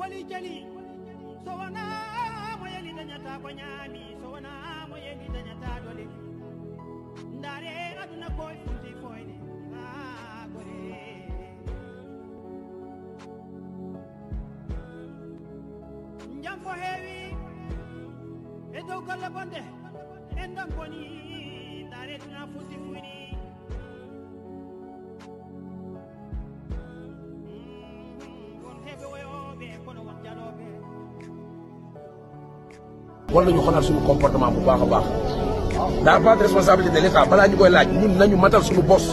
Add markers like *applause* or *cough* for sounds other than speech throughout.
wali jali so wonamo yeli dañata ko ñaami so wonamo yeli dañata dole ndaare aduna ko fuuti foyde ha gore jam fo heewi e dow golle bonde en dan boni ndaare tuna fuuti fuyni war nañu xoolaat suñu comportement bu baax a baax daa pas de responsabilité de balaa ñu koy laaj ñun nañu matal suñu bos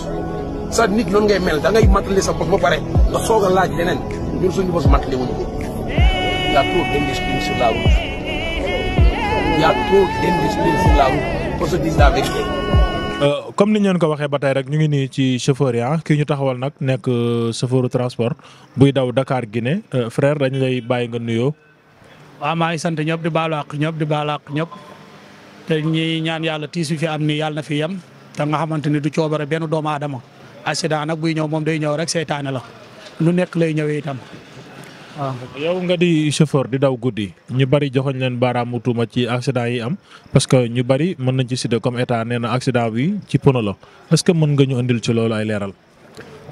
sa nit noonu ngay mel da ngay matali sa bos ba pare nga soog laaj leneen ñun suñu bos matali wuñu ko y a trop d'indiscipline sur la route euh, comme ni ñeen ko waxee ba tey rek ñu ngi nii ci chauffeur yi ah, kii ñu taxawal nag nekk euh, chauffeur transport buy daw Dakar Guinée euh, frère dañu lay bàyyi nga nuyoo waaw maa ngi sant ñëpp di baalu àq ñëpp te ñi ñaan yàlla tiis fi am ni yàlla na fi yem te nga xamante ni du coobare benn doomu aadama accident nag buy ñëw moom day ñëw rek seytaane la lu nekk lay ñëwee itam waaw. yow nga di chauffeur di daw guddi ñu bari joxoñ leen baaraamu tuuma ci accident yi am parce que ñu bari mën nañ ci citer comme état nee na accident bi ci pono la est que mën nga ñu indil ci loolu ay leeral.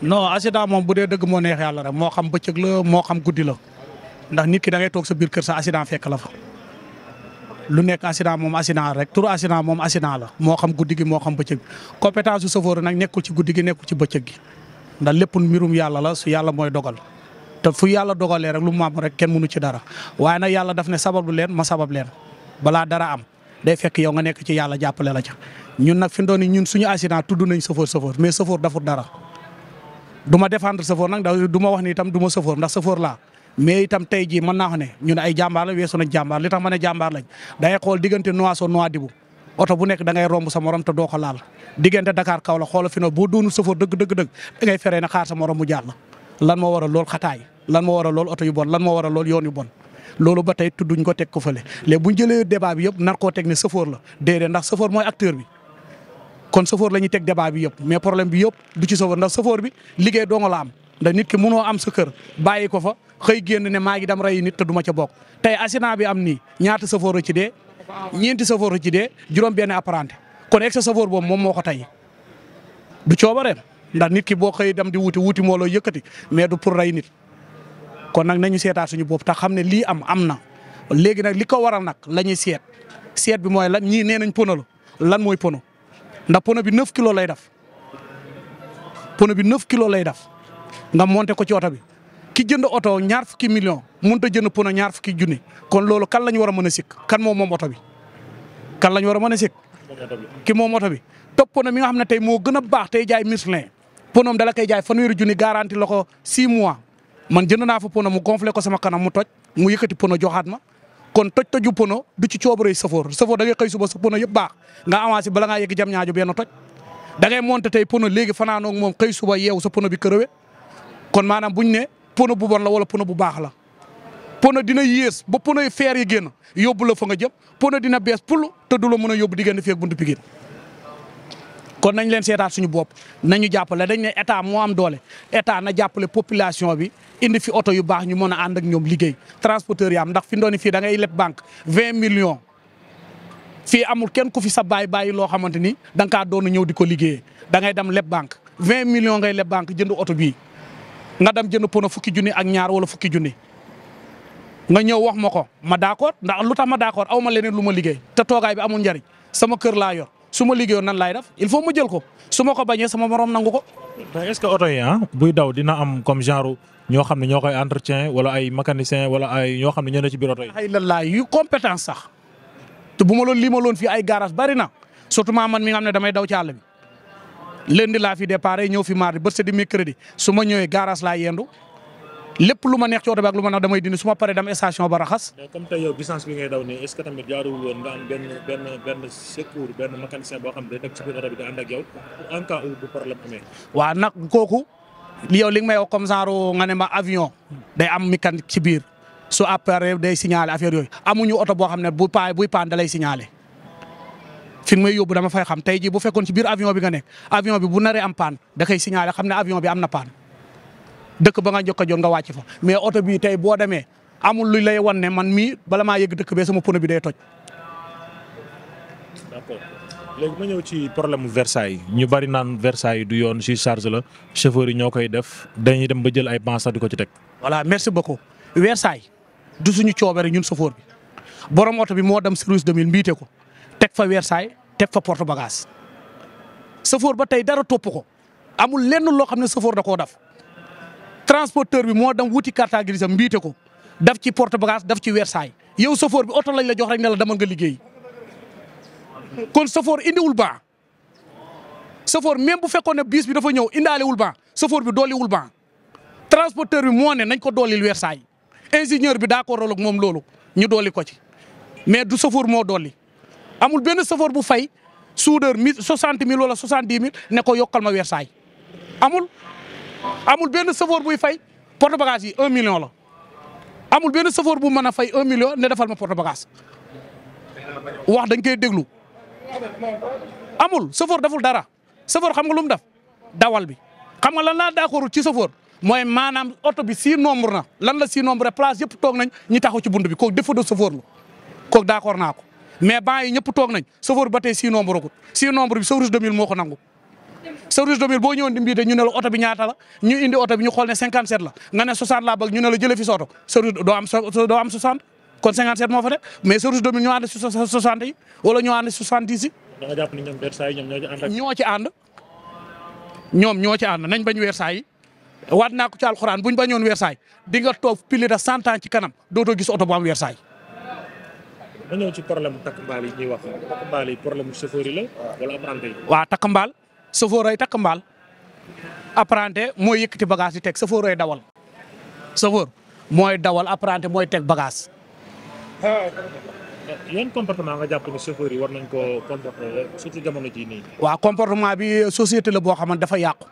non accident moom bu dee dëgg moo neex yàlla rek moo xam bëccëg la moo xam guddi la. ndax nit ki da ngay toog sa biir kër sa accident fekk la fa. lu nekk accident moom accident rek turu accident moom accident la moo xam guddi gi moo xam bëccëg compétence su sofóor nag nekkul ci guddi gi nekkul ci bëccëg gi ndax lépp mbirum yàlla la su yàlla mooy dogal te fu yàlla dogalee rek lu mu am rek kenn mënu ci dara waaye na yàlla daf ne sabablu leen ma sabab leen balaa dara am day fekk yow nga nekk ci yàlla jàppale la ca ñun nag fi mu doon ñun suñu accident tudd nañ sofóor sofóor mais sofóor dafut dara du ma défendre sofóor nag du ma wax ni du ma sofóor ndax sofóor laa mais itam tey jii mën naa ko ne ñun ay jàmbaar la weesu nañ jàmbaar li tax ma ne jàmbaar lañ da ngay xool diggante Nouakchott Nouadhibou oto bu nekk da ngay romb sa morom te doo ko laal diggante Dakar Kaolack xoola fi no boo doonu sëfoor dëgg dëgg dëgg da ngay feree na xaar sa morom lan moo waral lool xataay lan moo waral lool oto yu bon lan moo waral lool yoon yu bon loolu ba tey tudduñ ko teg ko fële léegi bu bi yëpp nar koo teg ne sëfoor la déedéet ndax sëfoor mooy acteur bi kon sëfoor la ñuy teg débat bi yëpp mais problème bi yëpp du ci sëfoor ndax sëfoor bi liggéey doo la am ndax nit ki munoo am sa kër bàyyi ko fa xëy génn ne maa ngi dem rey nit te duma ca bokk tey accident bi am nii ñaata safoor ci dee ñeenti safoor ci dee juróom benn apprenti kon ex safoor boobu moom moo ko tey du coobareem ndax nit ki boo xëy dem di wuti wuti moo loo yëkkati mais du pour rey nit kon nag nañu seetaat suñu bopp tax xam ne lii am am na léegi nag li ko waral nag la ñuy seet seet bi mooy lan ñii nee nañ pono la lan mooy pono ndax pono bi 9 kilos lay def pono bi 9 kilos lay def. nga monté ko ci oto bi ki jënd oto ñaar fukki million mënut a jënd pono ñaar fukki junni kon loolu kan la ñu war a mën a sikk kan moom moom oto bi kan la ñu man a mën a sikk ki moom oto bi topp pono mi nga xam ne tey moo gën baax te jaay Michelin ponoom dala koy jaay fanweeri junni garanti la ko 6 mois man jënd naa fa pono mu gonflé ko sama kanam mu toj mu yëkkati pono joxaat ma kon toj toju pono du ci coobaree safoor safoor da ngay xëy suba sa pono yëpp baax nga avancé bala ngaa yegg jam ñaajo benn toj da ngay monté tey pono léegi fanaanoog moom xëy suba sa pono bi kërëwe kon maanaam bu ñu ne pono bu bon la wala pono bu baax la pono dina yées ba pono yi feer yi génn yóbbu la fa nga jëm pono dina bees pul te du la mën a yóbbu diggante fii ak buntu Pikine kon nañ leen seetaat suñu bopp nañu jàppale dañ ne état moo am doole état na jàppale population bi indi fi oto yu baax ñu mën a ànd ak ñoom liggéey transporteur yi am ndax fi ndooni fii da ngay leb banque vingt million fii amul kenn ku fi sa baay bàyyi loo xamante ni da kaa doon ñëw di ko liggéeyee da dem leb banque vingt millions ngay leb banque jënd oto bii nga dem jënd pono fukki junni ak ñaar wala fukki junni nga ñëw wax ma ko ma d'accord ndax lu tax ma d'accord aw ma leneen lu ma liggéey te toogaay bi amul njariñ sama kër laa yor su ma liggéeyoon nan lay def il faut ma jël ko su ma ko bañee sama morom nangu ko. est-ce ah, buy daw dina am comme genre ñoo xam ne ñoo koy entretien wala ay mécanicien wala ay ñoo xam ne ñoo ne ci biir oto yi. ay lallaay yu compétence sax te bu ma loon limaloon fii ay garage bari na surtout man mi nga ne damay daw ci àll bi. lundi laa fi départ ñëw fi mardi ba di mercredi su ma ñëwee garage laa yendu lépp lu ma neex ci bi ak lu ma neex damay dindi su ma paree dem station ba raxas. mais comme tey yow distance bi ak yow en cas où nag kooku yow li nga may wax comme genre nga ne ma avion day am mécanique ci biir su après day signaler affaire yooyu amuñu oto boo xam ne bu paay buy paan da lay signaler. fi may yóbbu dama fay xam tey jii bu fekkoon ci biir avion bi nga nekk avion bi bu naree am paan da koy signalé xam ne avion bi am na paan dëkk ba nga njëkk a jot nga wàcc fa mais oto bii tey boo demee amul luy lay wan ne man mii bala maa yëgg dëkk bee sama pono bi day toj. léegi ma ñëw ci problème mu Versailles ñu bari naan Versailles du yoon si charge la chauffeur yi ñoo koy def dañuy dem ba jël ay ban sax di ko ci teg. voilà merci beaucoup Versailles du suñu coobere ñun chauffeur bi borom oto bi moo dem service de mille mbiite ko. teg fa weer saay teg fa porte bagage safoor ba tey dara topp ko amul lenn loo xam ne safoor da koo def transporteur bi moo dem wuti carte grise am mbiite ko daf ci porte bagage daf ci weer saay yow safoor bi oto lañ la jox rek ne la demal nga liggéey kon safoor indiwul ban safoor même bu fekkoon ne bis bi dafa ñëw indi indaalewul ban safoor bi dooliwul ban transporteur bi moo ne nañ ko doolil weer saay ingénieur bi daa ko roloog moom loolu ñu dooli ko ci mais du safoor moo dooli amul benn chauffeur bu fay soudeur mille soixante mille wala soixante dix mille ne ko yokkal ma weer saay amul. amul benn chauffeur buy fay porte bagage yi un million la amul benn chauffeur bu mën a fay un million ne defal ma porte bagage wax dañ koy déglu amul chauffeur deful dara chauffeur xam nga lu mu def dawal bi xam nga lan laa d'accord ci chauffeur mooy maanaam oto bi si nombre na lan la si nombre place yëpp toog nañ ñi taxaw ci bunt bi ko défaut de chauffeur la kooku d'accord naa ko. mais banc yi ñëpp toog nañ chauffeur ba tey six nombre ko six nombre bi chauffeur 2000 moo ko nangu. service de mille boo ñëwoon di mbiite ñu ne la oto bi ñaata ñu indi oto bi ñu xool ne 57 la nga ne 60 laa bëgg ñu ne la fi sooto doo am doo am 60 kon moo fa def mais service de mille ñoo ànd si 60 yi wala ñoo ànd si 70 ñoom Versailles ñoom ci ànd ak. ñoo ci ànd ñoom ñoo ci ànd nañ bañ Versailles waat naa ko ci alxuraan buñ bañoon Versailles di toog pile de 100 kanam dootoo gis oto bu am Versailles ma ñëw ci takk mbaal yi ñuy wax takk mbaal yi problème chauffeur yi la wala apprenti ay takk mbaal apprenti mooy yëkkati bagage yi teg chauffeur ay dawal. chauffeur mooy dawal apprenti mooy teg bagaas ah, yan comportement nga jàpp ne chauffeur yi war nañ koo comporter surtout jamono jii nii. waaw comportement bi société la boo xam ne dafa yàqu.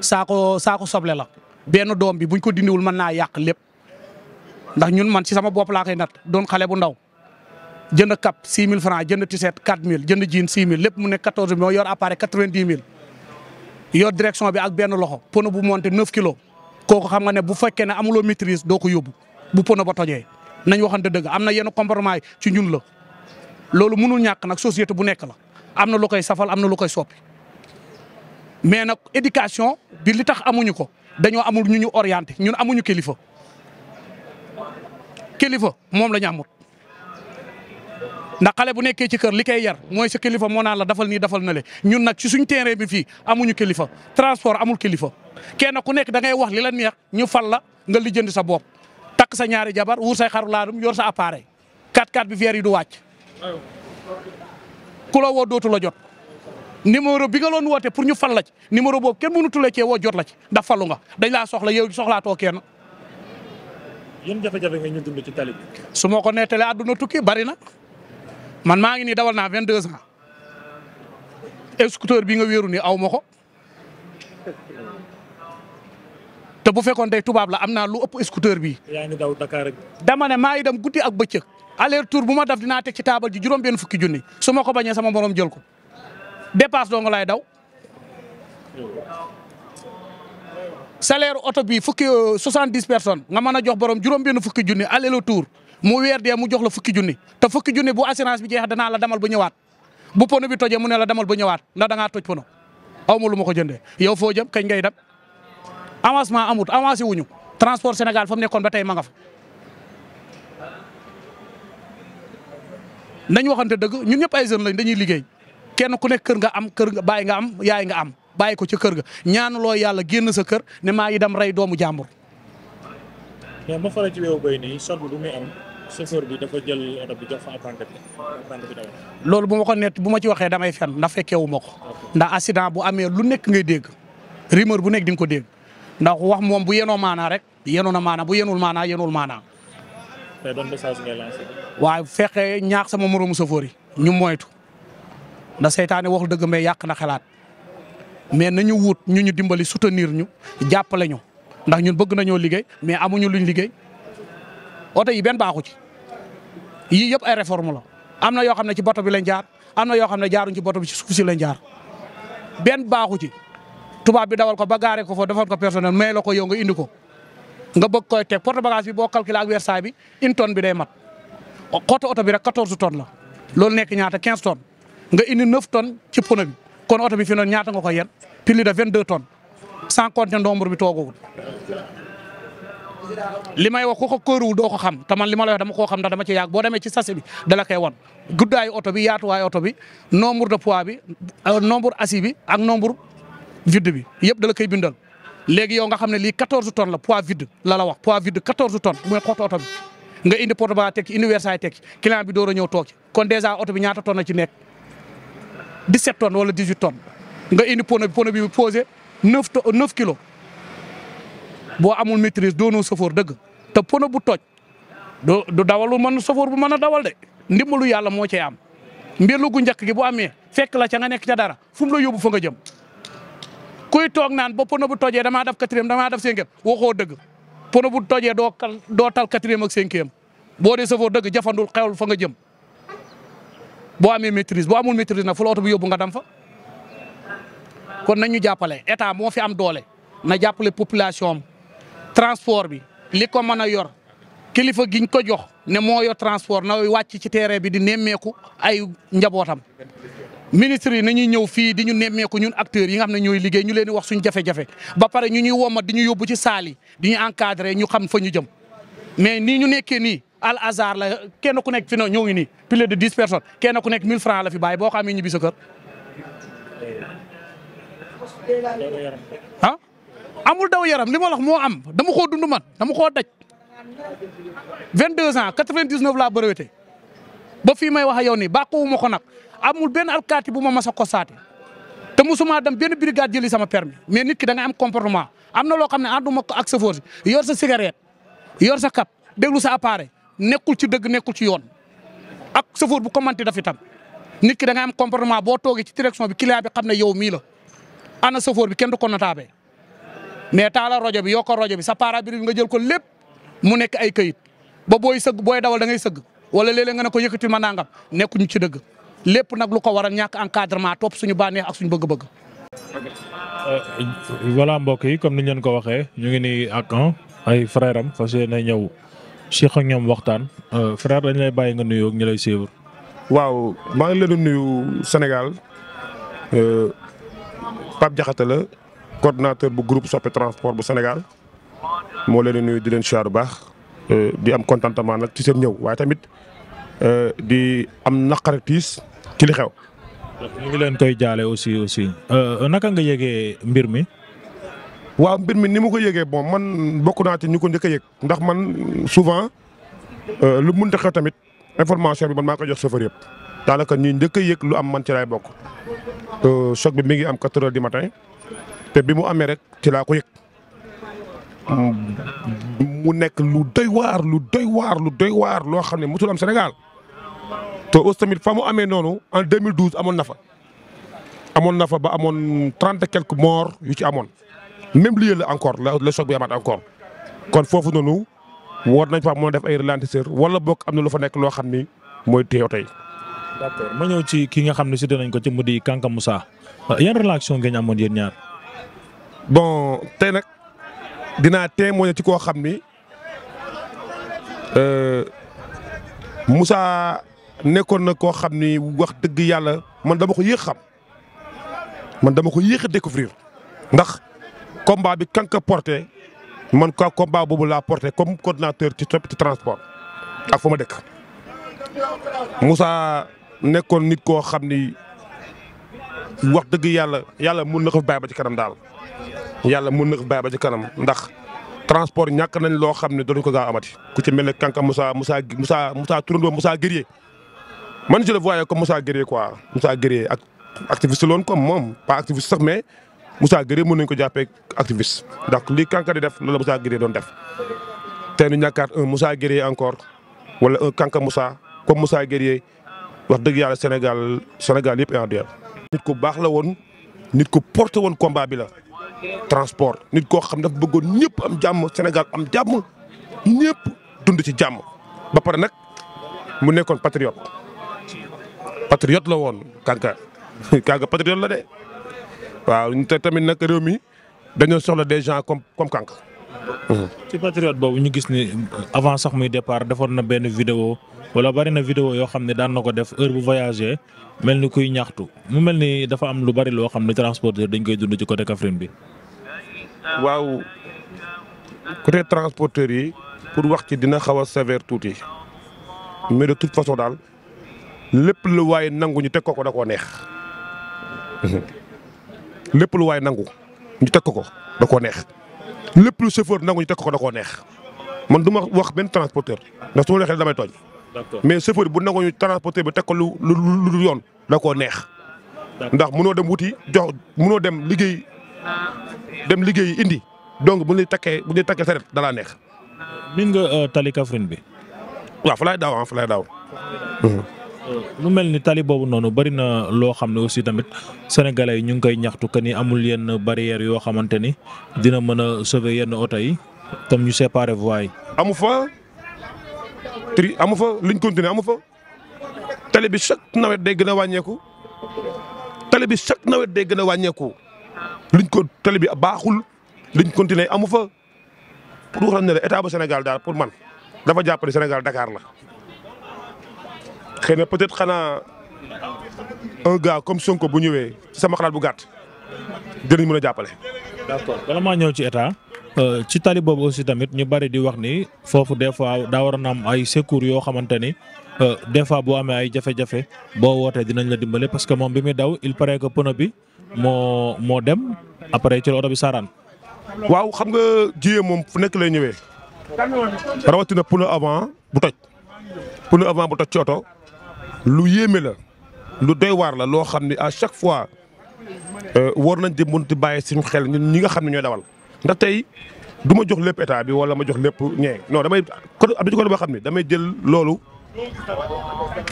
saako saako soble la. benn doom bi buñ ko dindiwul mën naa yàq lépp ndax ñun man ci sama bopp laa koy nat doon xale bu ndaw. jënd cap 6000 francs jënd t-shirt 4000 jënd jean 6000 lépp mu nekk 14000 moo yor appareil 90000 yor direction bi ak benn loxo pono bu monté 9 kilos kooku xam nga ne bu fekkee ne amuloo maîtrise doo ko yóbbu bu pono ba tojee nañ waxante dëgg am na yenn comportement yi ci ñun la. loolu mënul ñàkk nag société bu nekk la am na lu koy safal am na lu koy soppi mais nag éducation bi li tax amuñu ko dañoo amul ñu ñu orienté ñun amuñu kilifa kilifa moom la ñu ndax xale bu nekkee ci kër li kay yar mooy si kilifa moo naan la dafal nii dafal na le ñun nag ci suñ terrain bi fii amuñu kilifa transport amul kilifa kenn ku nekk da ngay wax li neex ñu fal la nga lijjanti sa bopp takk sa ñaari jabar wuur say xaru laadum yor sa appareil 4-4 bi verre yi du wàcc ku la woo dootu la jot numéro bi nga loon woote pour ñu fal la ci numéro boobu kenn mënu tulee cee woo jot la ci ndax falu nga dañ laa soxla yow soxlaatoo kenn yan jafe-jafe nga ñu ci su ma ko nettalee àdduna tukki bari na man maa ngi nii dawal naa vingt deux ans scooter bi nga wéeru ni aw ma ko te bu fekkoon tey tubaab la am naa lu ëpp scooter bi yaa ngi daw Dakar dama ne maa ngi dem guddi ak bëccëg aller retour bu ma def dinaa teg ci taabal ji juróom benn fukki junni su ma ko bañee sama morom jël ko dépasse dong laay daw salaire oto bi fukki soixante dix personnes nga mën a jox borom juróom benn fukki junni aller retour mu weer dee mu jox la fukki junni te fukki junni bu assurance bi jeex danaa la demal ba ñëwaat bu pono bi tojee mu ne la demal ba ñëwaat ndax da ngaa toj pono aw ma lu ma ko jënde yow foo jëm kañ ngay dem avancement amut avancé wuñu transport Sénégal fa mu nekkoon ba tey manga nga fa. nañ waxante dëgg ñu ñëpp ay jeunes lañ dañuy liggéey kenn ku nekk kër nga am kër nga bàyyi nga am yaay nga am bàyyi ko ci kër ga ñaanuloo yàlla génn sa kër ne maa ngi dem rey doomu jàmbur. ma faral ci weewu béy nii choc bu muy am bi dafa jël oto bi fa loolu bu ma ko net bu ma ci waxee damay fen ndax fekkeewu ma ko ndax accident bu amee lu nekk ngay dégg rumeur bu nekk di nga ko dégg ndax wax moom bu yenoo maanaa rek yenoon a maana bu yenul maanaa yenul maana tey ban message ngay ñaax sama moroomu chauffeur yi ñu moytu nda seytaane waxul dëgg mais yàq na xalaat mais nañu wut ñu ñu dimbali soutenir ñu jàppale ñu ndax ñun bëgg nañoo liggéey mais amuñu luñ liggéey oto yi benn baaxu ci yii yëpp ay réforme la am na yoo xam ne ci bato bi lañ jaar am na yoo xam ne jaaruñ ci bato bi ci suuf si lañ jaar benn baaxu ci tubaab bi dawal ko ba gaare ko fa defal ko personnel may la ko yow nga indi ko nga bëgg koy teg porte bagage bi boo calculé ak wersaay bi une tonne bi day mat xottu oto bi rek 14 ton la loolu nekk ñaata 15 tonnes nga indi 9 tonnes ci pono bi kon oto bi fi noonu ñaata nga ko yen plus de 22 tonnes sans compter ndombre bi toogagul. li may wax ku ko këruwul doo ko xam te man li ma lay wax dama koo xam da dama ci yàgg boo demee ci sase bi dala koy won guddaayu oto bi yaatuwaayu oto bi nombre de poids bi euh, nombre assi bi ak nombre vide bi yëpp dala koy bindal. léegi yow nga xam ne lii 14 tonnes la poids vide la la wax poids vide 14 tonnes mooy oto bi nga indi porte ba teg ci universal teg ci client bi door a ñëw toog kon dèjà oto bi ñaata tonnes la ci nekk 17 tonnes wala 18 tonnes nga neuf to neuf kilos boo amul maîtrise doonoo safoor dëgg te pono bu toj du du dawalu mën safoor bu mën a dawal de ndimalu yàlla moo cay am. mbirlu gu njëkk gi bu amee fekk la ca nga nekk ca dara fu mu la yóbbu fa nga jëm kuy toog naan ba pono bu tojee damaa def quatrième damaa def cinquième waxoo dëgg pono bu tojee doo doo tal quatrième ak cinquième boo dee safoor dëgg jafandul xewul fa nga jëm boo amee maîtrise boo amul maîtrise nag fu la oto bi yóbbu nga dam fa. kon nañu jàppale état moo fi am doole na jàppale population am transport bi li ko mën a yor kilifa giñ ko jox ne moo yor transport na wàcc ci terrain bi di nemmeeku ay njabootam. ministre yi nañuy ñëw fii di ñu nemmeeku ñun acteurs yi nga xam ne ñooy liggéey ñu leen di wax suñu jafe-jafe ba pare ñu ñuy womat di ñu yóbbu ci saal yi di ñu encadré ñu xam fa ñu jëm mais nii ñu nekkee nii al hasard la kenn ku nekk fi na ñëw ngi de dix personnes kenn ku nekk mille francs fi bàyyi boo xamee ñibbi sa kër. ah amul daw yaram li ma wax moo am dama koo dund man dama koo daj 22 ans 99 laa bëreewete ba fii may wax ak yow nii bàquwuma ko nag amul benn alkaati bu ma mas a ko saate te musuma dem benn brigade jëli sama permis mais nit ki da nga am comportement am na loo xam ne ànduma ko ak sa force yor sa cigarette yor sa cap déglu sa appareil nekkul ci dëgg nekkul ci yoon ak chauffeur bu commenté daf itam nit ki da nga am comportement boo toogee ci direction bi client bi xam ne yow mii ana safoor bi kenn du ko nataabe mais taala rojo bi yokk rojo bi sa pare-brise bi nga jël ko lépp mu nekk ay këyit ba booy sëgg booy dawal da ngay sëgg wala léeg-léeg nga ne ko yëkkatil ma nangam nekkuñu ci dëgg lépp nag lu ko waral ñàkk encadrement topp suñu bànneex a suñu bëgg-bëgg. Euh, voilà mbokk yi comme ni ñu ko waxee ñu ngi nii ak ay frère am fas yéene ñëw si ak ñoom waxtaan euh, frère dañ lay bàyyi nga nuyoo ak ñu lay suivre. waaw maa ngi leen nuyu Sénégal. Euh, Pape Diakhaté la coordonnateur bu group soppe transport bu Sénégal moo leen di nuyu di leen siyaar bu baax euh, di am contentement nag ci seen ñëw waaye tamit euh, di am naqare tiis ci li xew. ñu ngi leen koy jaale aussi aussi euh, naka nga yëgee mbir mi. waaw mbir mi ni mu ko yëgee bon man bokk naa ci ñu ko njëkk a yëg ndax man souvent lu mun mënta xew tamit information bi man maa ko jox chauffeur yëpp. daanaka ñuy njëkk a yëg lu am man ci bokk euh, choc bi mi ngi am quatre heures du matin te bi mu amee rek ci laa ko yëg mu nekk lu doy waar lu doy waar lu doy waar loo xam ne mosul am Sénégal te aussi tamit fa mu amee noonu en 2012 amoon na fa amoon na fa ba amoon trente et quelques yu ci amoon même lieu la encore la la choc bi amaat encore kon foofu noonu war nañ faa mën a def ay ralentisseur wala bokk am na lu fa nekk loo xam ni mooy teew tey d'accord ma ñëw ci kii nga xam ne cité nañ ko ci mu di Kanka Moussa yan relation ngeen amoon yéen ñaar. bon tey nag dinaa témoigner ci koo xam ni euh, Moussa nekkoon na koo xam ni wax dëgg yàlla man dama ko yéex xam man dama ko yéex a découvrir ndax combat bi Kanka porté man ko combat boobu laa porté comme coordinateur ci transport ak fa ma dëkk Moussa nekkoon nit koo xam ni wax dëgg yàlla yàlla mun na ko bàyyi ba ci kanam daal yàlla mun na ko bàyyi ba ci kanam ndax transport ñàkk nañ loo xam ne dootuñ ko gaa amati ku ci mel ne kanka Moussa Moussa Moussa Moussa turandoo Moussa Guerrier man je le voyais comme Moussa Guerrier quoi Moussa Guerrier ak activiste loon comme moom pas activiste sax mais Moussa Guerrier mën nañ ko jàppee activiste donc lii kanka di def loolu la Moussa Guerrier doon def tey nu ñàkkaat un Moussa Guerrier encore wala un kanka Moussa comme Moussa wax dëgg yàlla Sénégal Sénégal yëpp en duel nit ku baax la woon nit ku porté woon combat bi la transport nit koo xam dafa bëggoon ñëpp am jàmm Sénégal am jàmm ñëpp dund ci jàmm ba pare nag mu nekkoon patriote patriote la woon Kanka *laughs* Kanka patriote la de waaw te tamit nag réew mi dañoo soxla des gens comme comme Kanka ci patriote boobu ñu gis ni avant sax muy départ defoon na benn vidéo wala bari na vidéo yoo xam ne daal na ko def heure bu voyagé mel ni kuy ñaxtu mu mel ni dafa am lu bari loo xam ne transporteur dañ koy dund ci côté Kaffrine bi. waaw côté transporteur yi pour wax ci dina xaw a sévère tuuti mais de toute façon daal lépp lu waaye nangu ñu teg ko ko da koo neex mhm. lépp lu waaye nangu ñu teg ko ko da koo neex. lépp lu chauffeur nangu ñu teg ko da koo neex man du ma wax benn transporteur ndax su ma waxee damay tooñ. mais chauffeur bu nangu ñu transporteur bi teg ko lu lu lu yoon da koo neex. ndax munoo dem wuti jox munoo dem liggéey dem liggéey indi donc bu ñuy takkee bu ñuy takkee saret dalaa neex. min nga euh, tali Kaffrine bi. waaw fa laay daaw ah fa daaw. Euh, lu mel ni tali boobu noonu bari na loo xam ne aussi tamit sénégalais yi ñu ngi koy ñaxtu que ni amul yenn barrière yoo xamante ni dina mën a sauver yenn oto yi tam ñu séparer voies yi. amu fa tri amu fa liñ continuer amu fa tali bi chaque nawet day gën a wàññeeku tali bi chaque nawet day gën wàññeeku liñ ko tali bi baaxul luñ continuer amu fa pour wax la ne état bu Sénégal daal pour man dafa jàpp Sénégal Dakar la. xëy na peut-être un gars comme Sonko bu ñëwee ci sama xalaat bu gàtt dinañ mën a jàppale. d'accord bala maa ñëw ci état. Euh, ci tali boobu aussi tamit ñu bari di wax ni foofu des fois daa waroon am ay secours yoo xamante ni euh, des fois boo amee ay jafe-jafe boo wootee dinañ la dimbale parce que moom bi muy daw il paraît que pneu bi moo moo dem après ci la oto bi saaraan. waaw xam nga jiyee moom fu nekk lay ñëwee rawatina pneu avant bu toj pneu avant bu toj ci lu yéeme la lu doy waar la loo xam ne à chaque fois euh, war nañ di mënti bàyyi si mu xel ñun ñi nga xam ne ñooy dawal ndax tey du ma jox lépp état bi wala ma jox lépp ñee non damay kon am na ci boo xam ne damay jël loolu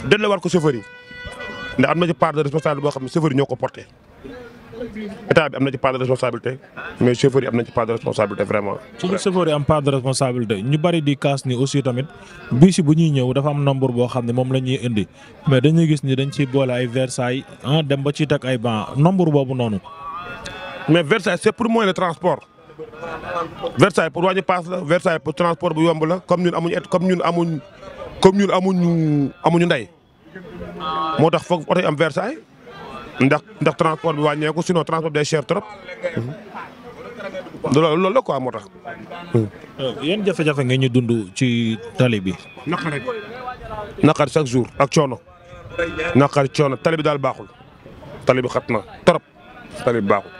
delloo war ko chauffeur yi ndax am na ci part de responsable boo xam ne chauffeur ñoo ko porté. état bi am na ci part de responsabilité mais chauffeur yi am nañ ci part de responsabilité ñu bari di kaas ni aussi tamit bis bu ñuy ñëw dafa am nombre boo xam ne moom la ñuy indi mais dañuy gis ni dañ ciy boole ay Versailles ah dem ba ci teg ay banc nombre boobu noonu. mais Versailles c'est pour moyen de transport. Versailles pour wàññi paas la Versailles pour transport bu yomb la comme ñun amuñu comme ñun amuñ comme ñun amuñu amuñu ndey moo tax foog oto yi am Versailles. ndax ndax transport bi wàññeeku sinon transport bi day cher trop. loolu loolu la quoi moo tax. yan jafe-jafe nga ñu dund ci tali bi. naqar rek naqar chaque jour ak coono. naqar coono tali bi daal baaxul. tali bi xat na trop. tali bi baaxul.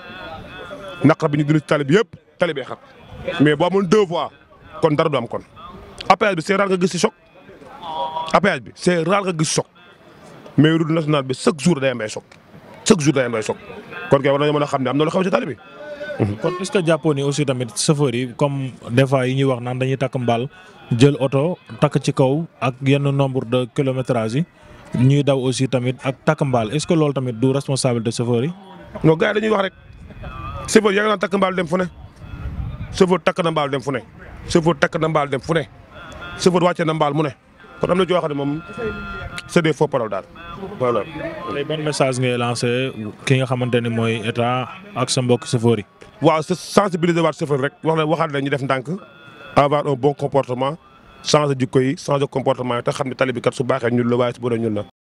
naqar bi ñu dund ci tali bi yëpp tali bi xat. mais boo amoon deux kon dara doom am kon. appel bi c'est rare nga gis si bi c'est rare nga gis choc. mais route nationale bi chaque jour day am ay chaque jour day am ay soog kon kay war nañoo mën a xam ne am na lu xew ci tali bi. *laughs* kon est-ce que aussi tamit chauffeur yi comme des fois yi ñuy wax naan dañuy takk mbaal jël oto takk ci kaw ak yenn nombre de kilométrage yi ñuy daw aussi tamit ak takk mbaal est-ce lool tamit du responsabilité de yi. non gars dañuy wax rek chauffeur yaa ngi naan takk mbaal dem fu ne chauffeur takk na mbaal dem fu ne chauffeur takk na mbaal fu ne chauffeur wàcce na mbaal mu ne. kon am na joo xam ne moom c'est des faux paroles daal voilà. tey ban message ngay lancé ki nga xamante ne mooy état ak sa mbokk chauffeur yi. waaw sensibiliser waat chauffeur rek wax la waxaat la ñu def ndànk avoir un bon comportement changer jikko yi changer comportement yi te xam ne tali bi kat su baaxee ñun la waaye su bonee ñun la.